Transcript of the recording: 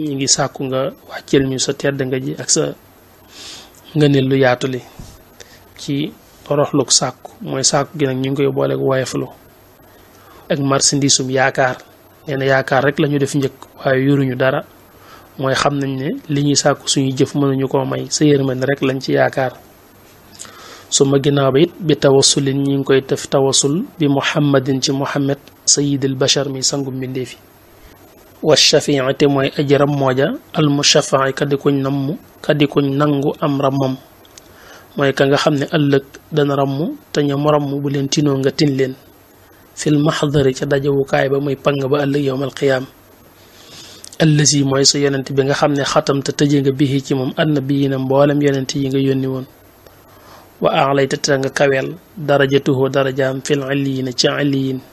ñu ngi sàkku nga wàcceel ñu sa tedd nga ji ak sa ngëneel lu yaatu li ci toroxluk sàkku mooy sàkku gi nag ñu ngi koy boole booleeg woyeflu ak marchandisum yaakaar nee yaakaar rek lañu def njëkk waaye yoruñu dara mooy xam nañ ne li ñuy sàkku suñu jëf mënuñu koo may sa yërmande rek lañ ci yaakaar su ma ginnaaw bi it bi tawasulin ñu ngi koy def tawasul bi muhammadin ci muhammad sayidil bashar mi sangum mbindéef yi والشفيع تموي أجر موجا المشفع كدي كون نمو كدي كون نانغو أم رمم موي كنغا خمني ألك دان رمو تنيا مرمو بلين تينو نغا تنلين في المحضر كداجة وكاي بموي بانغا بألي يوم القيام الذي موي سيانت بيغا خمني ختم تتجيغ بيه كيموم النبيين مبوالم يانت ييغا يونيون وأعليت تتنغا كويل درجته درجام في العليين تعليين